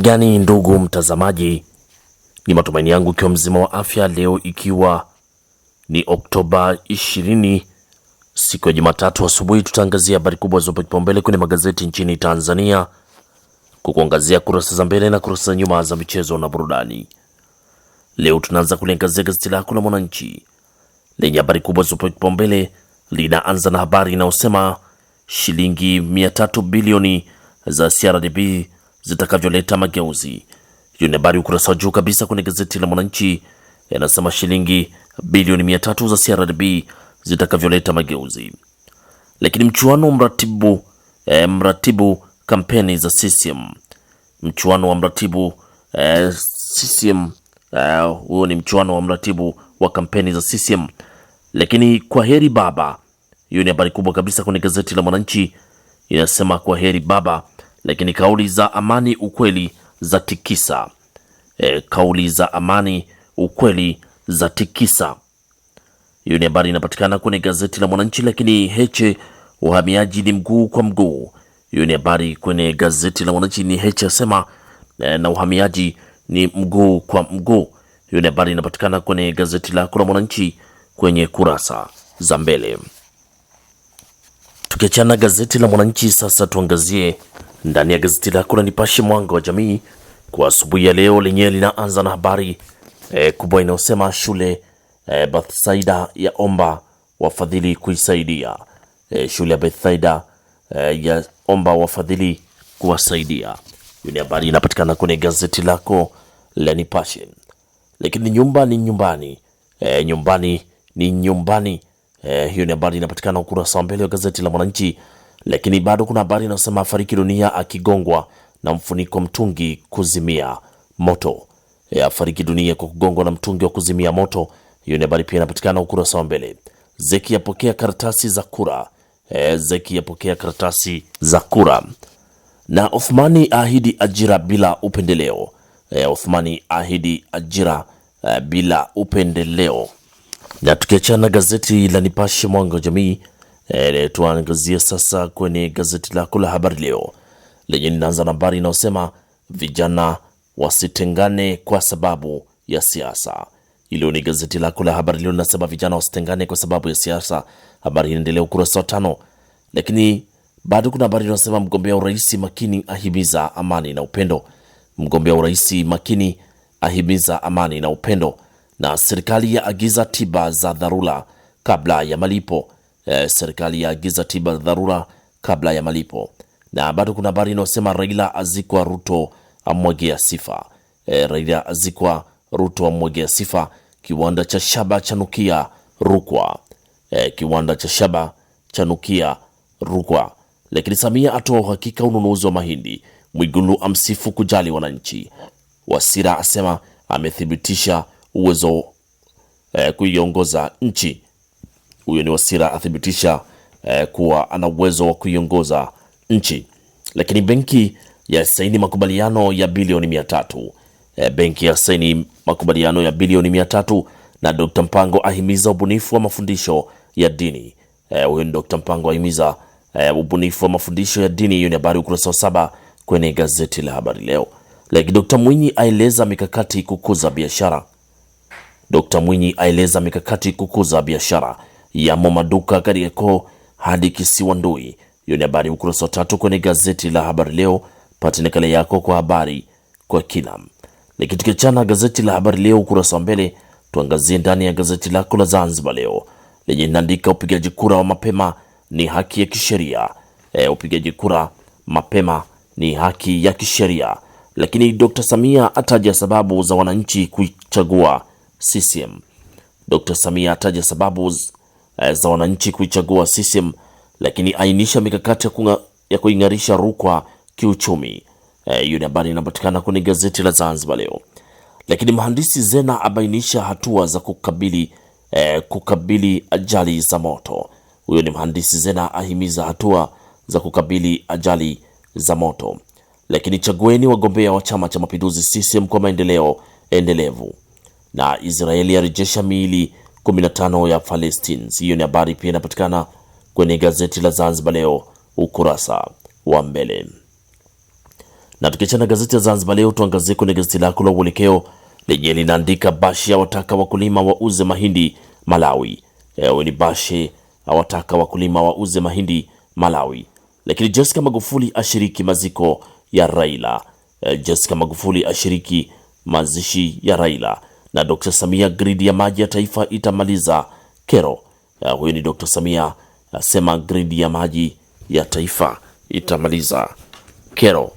gani ndugu mtazamaji, ni matumaini yangu ikiwa mzima wa afya leo, ikiwa ni Oktoba 20 siku ya Jumatatu asubuhi, tutaangazia habari kubwa zopa kipaumbele kwenye magazeti nchini Tanzania, kukuangazia kurasa za mbele na kurasa za nyuma za michezo na burudani. Leo tunaanza kuliangazia gazeti lako la Mwananchi lenye habari kubwa zopa kipaumbele, linaanza na habari inayosema shilingi 300 bilioni za CRDB zitakavyoleta mageuzi. Hiyo ni habari ukurasa wa juu kabisa kwenye gazeti la Mwananchi, yanasema shilingi bilioni mia tatu za CRDB zitakavyoleta mageuzi. Lakini mchuano mratibu, eh, mratibu kampeni za CCM, mchuano wa mratibu eh, CCM eh, huo uh, ni mchuano wa mratibu wa kampeni za CCM. Lakini kwa heri baba, hiyo ni habari kubwa kabisa kwenye gazeti la Mwananchi, inasema kwa heri baba lakini kauli za amani ukweli za tikisa. E, kauli za amani ukweli za tikisa. Hiyo ni habari inapatikana kwenye gazeti la Mwananchi, lakini Heche uhamiaji ni mguu kwa mguu. Hiyo ni habari kwenye gazeti la Mwananchi, ni Heche asema e, na uhamiaji ni mguu kwa mguu. Hiyo ni habari inapatikana kwenye gazeti lako la Mwananchi kwenye kurasa za mbele. Tukiachana gazeti la Mwananchi, sasa tuangazie ndani ya gazeti lako la Nipashe mwanga wa jamii kwa asubuhi ya leo, lenyewe linaanza na habari e, kubwa inayosema shule e, Bethsaida ya omba wafadhili kuisaidia e, shule ya Bethsaida e, ya omba wafadhili kuwasaidia. Hiyo ni habari inapatikana kwenye gazeti lako la Nipashe. Lakini nyumba ni nyumbani e, nyumbani ni nyumbani e, hiyo ni habari inapatikana ukurasa wa mbele wa gazeti la Mwananchi lakini bado kuna habari inayosema afariki dunia akigongwa na mfuniko mtungi kuzimia moto. e, Afariki dunia kwa kugongwa na mtungi wa kuzimia moto. Hiyo ni habari pia inapatikana ukurasa wa mbele. Zeki yapokea karatasi za kura. E, Zeki yapokea karatasi za kura. Na Uthmani ahidi ajira bila upendeleo. E, Uthmani ahidi ajira e, bila upendeleo. Na tukiachana gazeti la Nipashe mwanga wa jamii E, tuangazie sasa kwenye gazeti lako la habari leo lenye linaanza na habari inayosema vijana wasitengane kwa sababu ya siasa. Hilo ni gazeti lako la habari leo linasema vijana wasitengane kwa sababu ya siasa. Habari inaendelea ukurasa wa tano, lakini bado kuna habari inayosema mgombea urais Makini ahimiza amani na upendo. Mgombea urais Makini ahimiza amani na upendo, na serikali yaagiza tiba za dharura kabla ya malipo e, serikali yaagiza tiba dharura kabla ya malipo. Na bado kuna habari inayosema Raila azikwa, Ruto amwagia sifa. e, Raila azikwa, Ruto amwagia sifa. Kiwanda cha shaba chanukia Rukwa. e, kiwanda cha shaba chanukia Rukwa. Lakini Samia atoa uhakika ununuzi wa mahindi. Mwigulu amsifu kujali wananchi. Wasira asema amethibitisha uwezo e, kuiongoza nchi. Huyo ni Wasira athibitisha eh, kuwa ana uwezo wa kuiongoza nchi. Lakini benki ya saini makubaliano ya bilioni mia tatu eh, benki ya saini makubaliano ya bilioni mia tatu na Dr. Mpango ahimiza ubunifu wa mafundisho ya dini. Eh, huyo eh, ni Dr. Mpango ahimiza eh, ubunifu wa mafundisho ya dini. Hiyo ni habari ukurasa wa saba kwenye gazeti la habari leo. Like, Dr. Mwinyi aeleza mikakati kukuza biashara. Dr. Mwinyi aeleza mikakati kukuza biashara yamo maduka Kariakoo hadi kisiwa Ndui. Hiyo ni habari ukurasa wa tatu kwenye gazeti la Habari Leo. Pata nakala yako kwa habari kwa kina. Nikitukachana gazeti la Habari Leo ukurasa wa mbele, tuangazie ndani ya gazeti lako la Zanzibar Leo lenye linaandika upigaji kura wa mapema ni haki ya kisheria. E, upigaji kura mapema ni haki ya kisheria. Lakini Dr. Samia ataja sababu za wananchi kuchagua CCM. Dr. Samia ataja sababu Eh, za wananchi kuichagua CCM, lakini ainisha mikakati ya kuing'arisha Rukwa kiuchumi. Eh, hiyo ni habari inapatikana kwenye gazeti la Zanzibar Leo. Lakini mhandisi Zena abainisha hatua za kukabili, eh, kukabili ajali za moto. Huyo ni mhandisi Zena ahimiza hatua za kukabili ajali za moto. Lakini chagueni wagombea wa chama cha mapinduzi CCM kwa maendeleo endelevu, na Israeli yarejesha miili 15 ya Palestine. Hiyo ni habari pia inapatikana kwenye gazeti la Zanzibar Leo ukurasa wa mbele. Na tukichana gazeti la Zanzibar Leo, tuangazie kwenye gazeti lako la Uelekeo lenye linaandika Bashe awataka wakulima wauze mahindi Malawi. Ewe ni Bashe awataka wakulima wauze mahindi Malawi. Lakini Jessica Magufuli ashiriki maziko ya Raila. Eh, Jessica Magufuli ashiriki mazishi ya Raila na Dr. Samia gridi ya maji ya taifa itamaliza kero. Ah, huyu ni Dr. Samia asema gridi ya maji ya taifa itamaliza kero.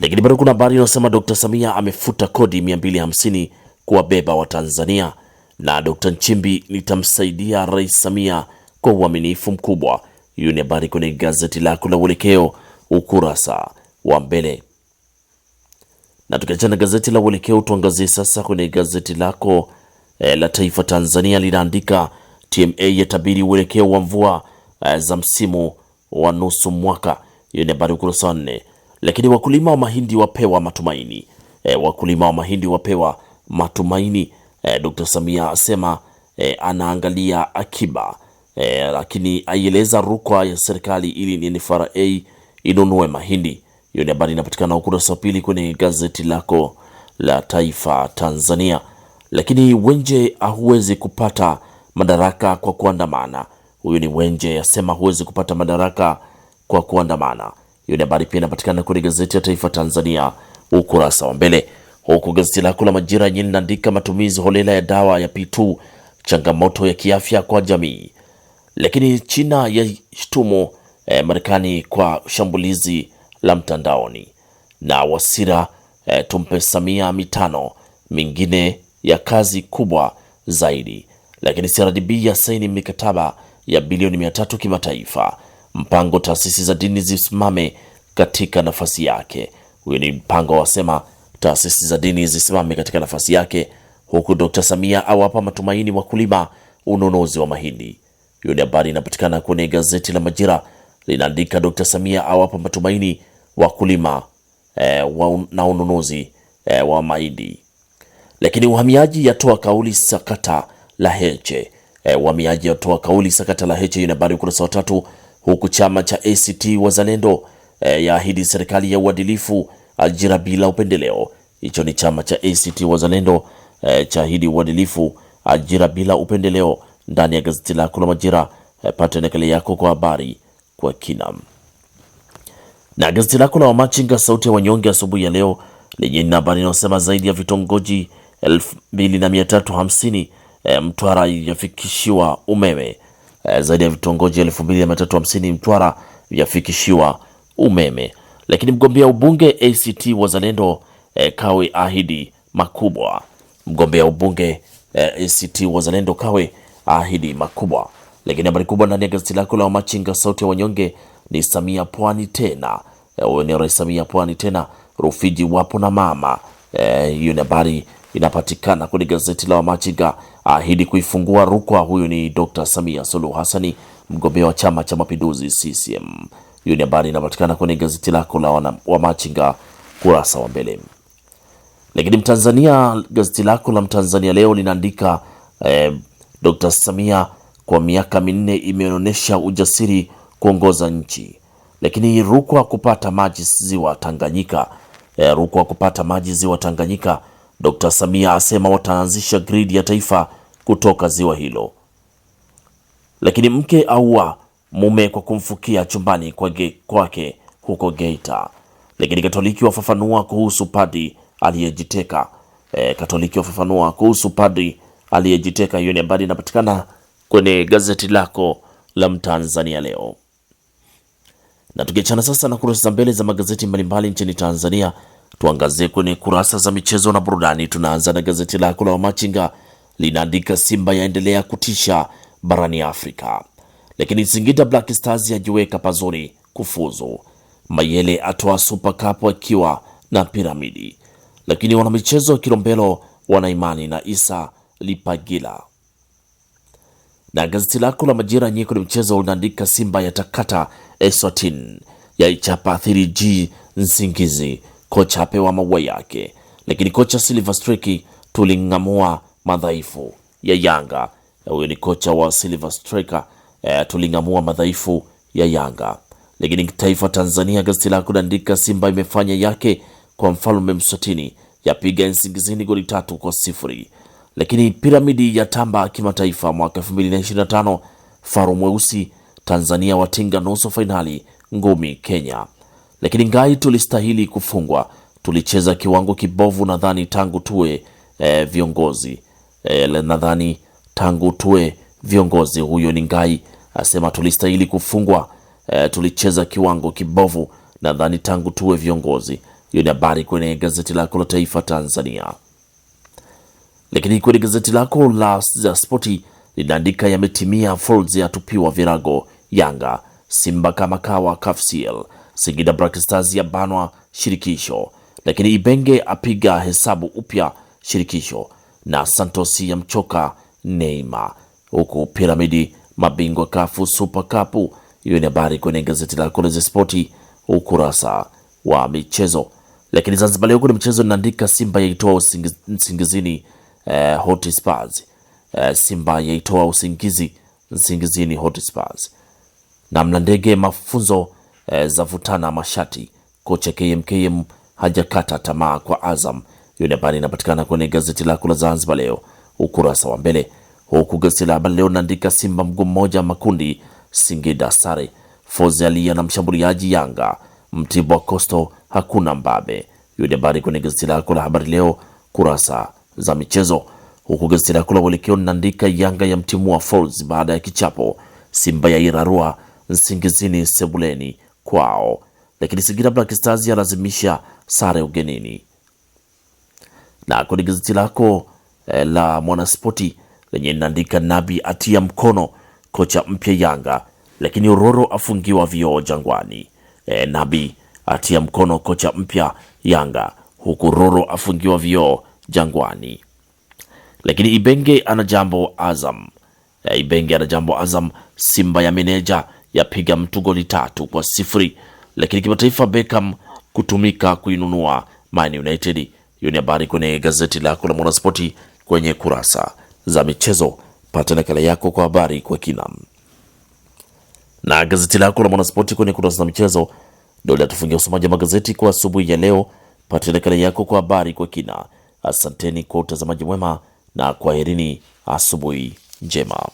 Lakini bado kuna habari inasema Dr. Samia amefuta kodi 250 kuwabeba Watanzania na Dr. Nchimbi, nitamsaidia Rais Samia kwa uaminifu mkubwa. Hiyo ni habari kwenye gazeti lako la Uelekeo ukurasa wa mbele. Na tukiachana na gazeti la Uelekeo, tuangazie sasa kwenye gazeti lako e, la Taifa Tanzania linaandika TMA yatabiri uelekeo wa mvua e, za msimu wa nusu mwaka. Hiyo ni habari ukurasa wa nne. Lakini wakulima wa mahindi wapewa matumaini e, wakulima wa mahindi wapewa matumaini e, Dr. Samia asema e, anaangalia akiba e, lakini aieleza rukwa ya serikali ili NFRA inunue mahindi hiyo ni habari inapatikana ukurasa wa pili kwenye gazeti lako la Taifa Tanzania. Lakini Wenje hauwezi kupata madaraka kwa kuandamana. Huyu ni Wenje asema huwezi kupata madaraka kwa kuandamana. Hiyo ni habari pia inapatikana kwenye gazeti ya Taifa Tanzania ukurasa wa mbele, huku gazeti lako la Majira yenyewe linaandika matumizi holela ya dawa ya P2 changamoto ya kiafya kwa jamii. Lakini China yashtumu eh, Marekani kwa shambulizi la mtandaoni. Na Wasira e, tumpe Samia mitano mingine ya kazi kubwa zaidi. Lakini CRDB ya saini mikataba ya bilioni mia tatu kimataifa. Mpango taasisi za dini zisimame katika nafasi yake. Huyu ni mpango wasema taasisi za dini zisimame katika nafasi yake, huku Dr. Samia awapa matumaini wakulima ununuzi wa mahindi. Hiyo ni habari inapatikana kwenye gazeti la Majira, linaandika Dr. Samia awapa matumaini wakulima e, wa, na ununuzi e, wa mahindi. Lakini uhamiaji yatoa kauli sakata la Heche. E, uhamiaji yatoa kauli sakata la Heche, ina habari ukurasa wa tatu, huku chama cha ACT Wazalendo e, yaahidi serikali ya uadilifu, ajira bila upendeleo. Hicho ni chama cha ACT Wazalendo e, chaahidi uadilifu, ajira bila upendeleo ndani ya gazeti lako la Majira. E, pata nakala yako kwa habari kwa kina. Na gazeti lako la Wamachinga sauti ya wanyonge asubuhi ya leo lenye ina habari inayosema zaidi ya vitongoji 2350 e, Mtwara yafikishiwa umeme e, zaidi ya vitongoji 2350 Mtwara yafikishiwa umeme. Lakini mgombea ubunge ACT Wazalendo e, Kawe ahidi makubwa. Mgombea ubunge e, ACT Wazalendo Kawe ahidi makubwa. Lakini habari kubwa ndani ya gazeti lako la Wamachinga sauti ya wanyonge ni Samia Pwani tena eh, huyo ni Rais Samia Pwani tena, Rufiji wapo na mama eh, hiyo. E, ni habari inapatikana kwenye gazeti la Wamachinga, ahidi kuifungua Rukwa. Huyu ni Dr. Samia Suluhu Hassani, mgombea wa Chama cha Mapinduzi CCM. Hiyo ni habari inapatikana kwenye gazeti lako la Wamachinga kurasa wa mbele. Lakini Mtanzania, gazeti lako la Mtanzania leo linaandika eh, Dr. Samia kwa miaka minne imeonyesha ujasiri kuongoza nchi, lakini Rukwa kupata maji ziwa Tanganyika. E, Rukwa kupata maji ziwa Tanganyika. Dr. Samia asema wataanzisha gridi ya taifa kutoka ziwa hilo. Lakini mke aua mume kwa kumfukia chumbani kwake kwa huko Geita. Lakini Katoliki wafafanua kuhusu padri aliyejiteka. E, Katoliki wafafanua kuhusu padri aliyejiteka. Hiyo ni habari inapatikana kwenye gazeti lako la Mtanzania leo. Na tukiachana sasa na kurasa za mbele za magazeti mbalimbali nchini Tanzania, tuangazie kwenye kurasa za michezo na burudani. Tunaanza na gazeti lako la Wamachinga, linaandika Simba yaendelea kutisha barani Afrika, lakini Singida Black Stars yajiweka pazuri kufuzu. Mayele atoa Super Cup akiwa na Piramidi, lakini wanamichezo wa Kilombero wana imani na Isa Lipagila. Na gazeti lako la Majira nyeko ni mchezo unaandika Simba yatakata Eswatini, yaichapa 3G Nsingizi, kocha apewa maua yake. Lakini kocha Silver Strike, tuling'amua madhaifu ya Yanga. Huyo ni kocha wa Silver Strike, eh, tuling'amua madhaifu ya Yanga. Lakini Taifa Tanzania gazeti lako linaandika Simba imefanya yake kwa mfalme Mswatini, yapiga Nsingizini goli tatu kwa sifuri. Lakini piramidi ya Tamba kimataifa mwaka 2025, faru mweusi Tanzania watinga nusu fainali ngumi Kenya. Lakini Ngai, tulistahili kufungwa, tulicheza kiwango kibovu, nadhani tangu tuwe e, viongozi e, nadhani tangu tuwe viongozi. Huyo ni Ngai asema tulistahili kufungwa, e, tulicheza kiwango kibovu, nadhani tangu tuwe viongozi. Hiyo ni habari kwenye gazeti lako la Taifa Tanzania. Lakini kwenye gazeti lako la za Spoti linaandika yametimia, Folz yatupiwa virago, Yanga Simba kama kawa kafsiel, Singida Black Stars ya banwa shirikisho, lakini Ibenge apiga hesabu upya shirikisho, na Santos ya mchoka Neima, huku Piramidi mabingwa kafu Super kapu. Hiyo ni habari kwenye gazeti lako la Spoti ukurasa wa michezo. Lakini Zanzibar Leo kwenye michezo linaandika Simba yaitoa usingizini eh, Hotspurs eh, Simba yaitoa usingizi usingizini Hotspurs. Namna ndege mafunzo eh, za vutana mashati. Kocha KMKM hajakata tamaa kwa Azam. Yule ni habari inapatikana kwenye gazeti lako la Zanzibar leo ukurasa wa mbele, huku gazeti la habari leo naandika Simba mguu mmoja makundi Singida sare Fozi alia na mshambuliaji Yanga Mtibwa Kosto hakuna mbabe. Yule ni habari kwenye gazeti lako la habari leo kurasa za michezo, huku gazeti lako la Uelekeo linaandika Yanga ya mtimua Folz baada ya kichapo, Simba ya irarua Nsingizini sebuleni kwao, lakini Singida Black Stars yalazimisha sare ugenini. Na kwenye gazeti lako eh, la Mwanaspoti lenye linaandika Nabi atia mkono kocha mpya Yanga, lakini Ororo afungiwa vioo Jangwani. Eh, Nabi atia mkono kocha mpya Yanga, huku Roro afungiwa vioo Jangwani. Lakini Ibenge ana jambo Azam. Ibenge ana jambo Azam. Simba ya meneja yapiga mtu goli tatu kwa sifuri. Lakini kimataifa Beckham kutumika kuinunua Man United. Hiyo ni habari kwenye gazeti lako la Mwanaspoti kwenye kurasa za michezo. Pata nakala yako kwa habari kwa kina na gazeti lako la Mwanaspoti kwenye kurasa za michezo. Ndio linatufungia usomaji wa magazeti kwa asubuhi ya leo. Pata nakala yako kwa habari kwa kina Asanteni kwa utazamaji mwema na kwaherini, asubuhi njema.